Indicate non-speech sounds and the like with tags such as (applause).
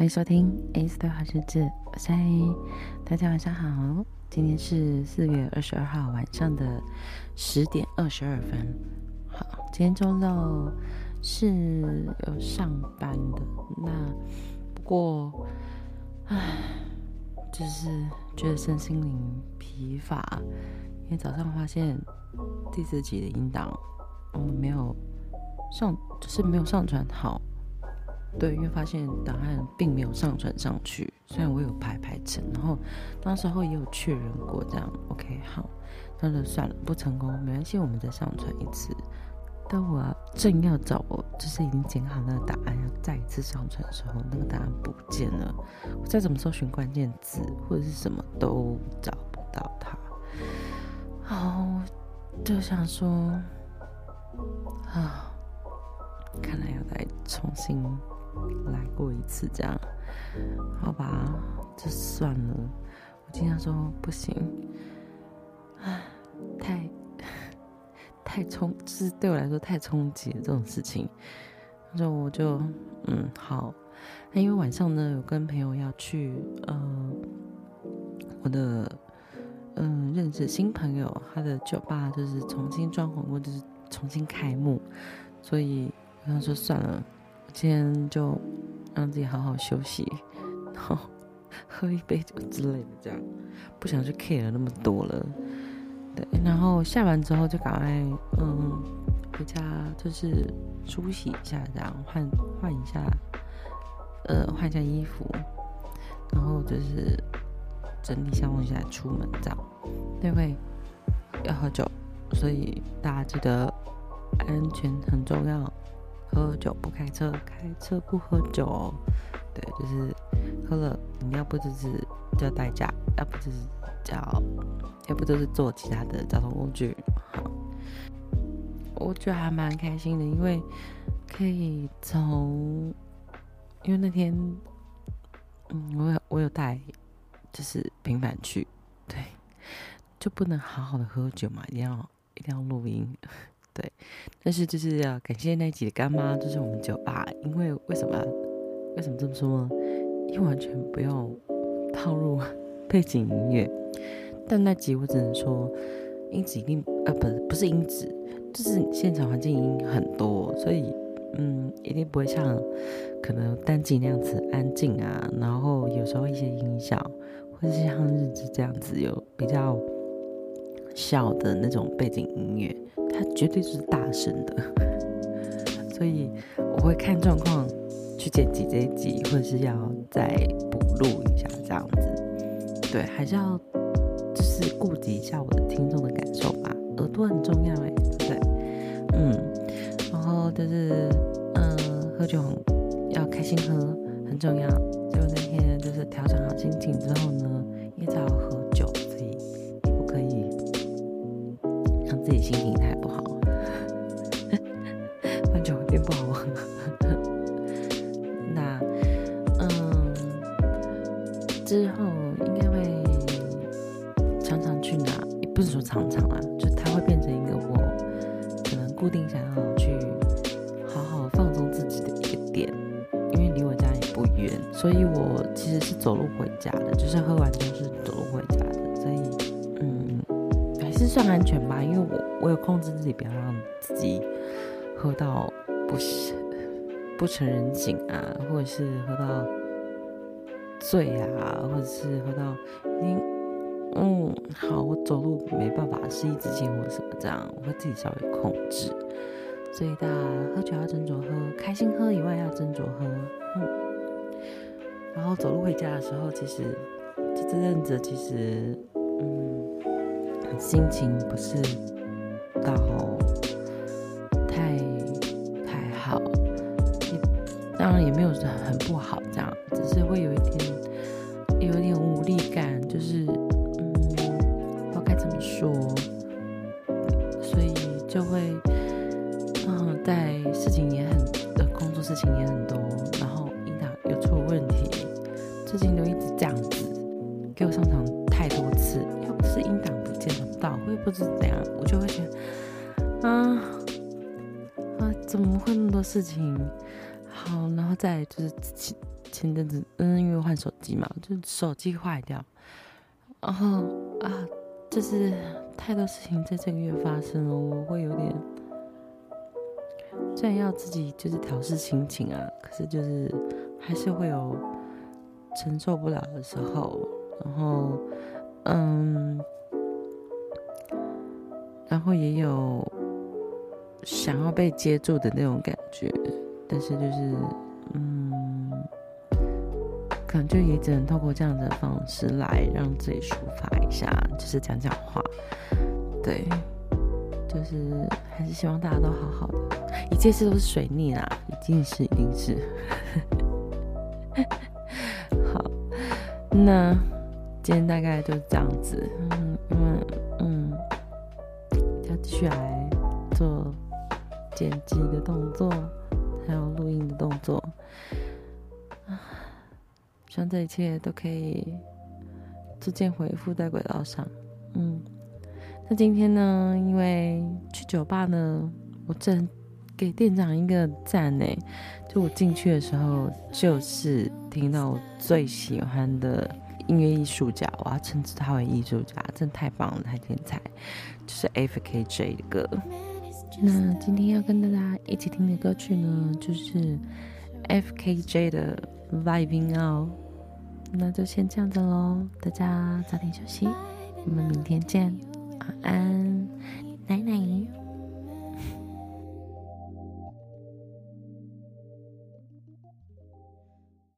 歡迎收聽《AAS 對話日誌，》 (noise) 我是大家晚上好，今天是四月二十二號晚上的十點二十二分。好，今天周六是有上班的，那不過唉，就是覺得身心靈疲乏，因為早上發現第四集的音檔我、嗯、沒有上，就是沒有上傳好。對，因為發現答案並沒有上傳上去，雖然我有排排成，然後當時候也有確認過這樣，OK，好，那就算了，不成功沒關係，我們再上傳一次。但我正要找，就是已經剪好那個答案，要再一次上傳的時候，那個答案不見了，我再怎麼搜尋關鍵字或者是什麼都找不到它，好，我就想說，啊，看來要再重新。來過一次這樣，好吧，就算了。我經常說不行，唉，太，太衝，就是對我來說太衝擊了這種事情。然後我就嗯好，那因為晚上呢有跟朋友要去，嗯、呃，我的嗯、呃、認識新朋友他的酒吧就是重新裝潢過，就是重新開幕，所以他說算了。今天就讓自己好好休息，然後喝一杯酒之類的，這樣，不想去 care 那麼多了。對，然後下班之後就趕快嗯回家，就是梳洗一下這樣，然後換換一下，呃換一下衣服，然後就是整理一下東西再出門，這樣對不對？要喝酒，所以大家記得安全很重要。喝酒不開車，開車不喝酒。對，就是喝了，你要不就是叫代駕，要不就是叫，要不就是坐其他的交通工具。我覺得還蠻開心的，因為可以從，因為那天，嗯，我有我有帶，就是平板去，對，就不能好好的喝酒嘛，一定要一定要錄音。對，但是就是要感謝那一集的乾媽，就是我們酒吧、啊，因為為什麼？為什麼這麼說呢？因為完全不用套路背景音樂，但那集我只能說音質一定啊，不不是音質，就是現場環境音很多，所以嗯，一定不會像可能單集那樣子安靜啊，然後有時候一些音效，或者是像日子這樣子有比較小的那種背景音樂。他絕對就是大聲的， (laughs) 所以我會看狀況去剪輯這一集，或者是要再補錄一下這樣子。對，還是要就是顧及一下我的聽眾的感受吧，耳朵很重要哎、欸，對，嗯，然後就是嗯，喝酒要開心喝，很重要。就那天就是調整好心情之後呢，遇要喝酒，所以你不可以、嗯、讓自己心情太。之後應該會常常去哪，也不是說常常啦，就它會變成一個我可能固定想要去好好放鬆自己的一個點，因為離我家也不遠，所以我其實是走路回家的，就是喝完就是走路回家的，所以嗯還是算安全吧，因為我我有控制自己，不要讓自己喝到不是不省人事啊，或者是喝到。醉啊，或者是喝到，嗯嗯，好，我走路沒辦法，是一直進或什麼這樣，我會自己稍微控制。所以大家喝酒要斟酌喝，開心喝以外要斟酌喝，嗯。然後走路回家的時候，其實這陣子其實，嗯，心情不是，嗯，不到太太好。也，當然也沒有很不好這樣。是會有一點，有一點無力感，就是嗯，不知道該怎麼說，所以就會嗯，在事情也很的、呃、工作事情也很多，然後音檔又出了問題，自己都一直這樣子，給我上場太多次，要不是音檔不見得到，我也不知怎樣，我就會覺得啊啊，怎麼會那麼多事情？好，然後再就是自己。前陣子，嗯，因為換手機嘛，就手機壞掉，然後啊，就是太多事情在這個月發生了，我會有點，雖然要自己就是調試心情啊，可是就是還是會有承受不了的時候，然後，嗯，然後也有想要被接住的那種感覺，但是就是，嗯。可能就也只能透過這樣的方式來讓自己抒發一下，就是講講話，對，就是還是希望大家都好好的，一切都是水逆啦，一定是一定是。 (laughs) 好，那今天大概就是這樣子，嗯那嗯，要繼續來做剪輯的動作，還有錄音的動作。希望這一切都可以逐漸回復在軌道上。嗯，那今天呢，因為去酒吧呢，我真給店長一個讚呢、欸，就我進去的時候，就是聽到我最喜歡的音樂藝術家，我要稱之他為藝術家，真太棒了，太天才！就是 F K J 的歌。 (music) 那今天要跟大家一起聽的歌曲呢，就是 F K J 的《Vibin' Out》。那就先這樣子嘍，大家早點休息，我們明天見，晚安，奶奶。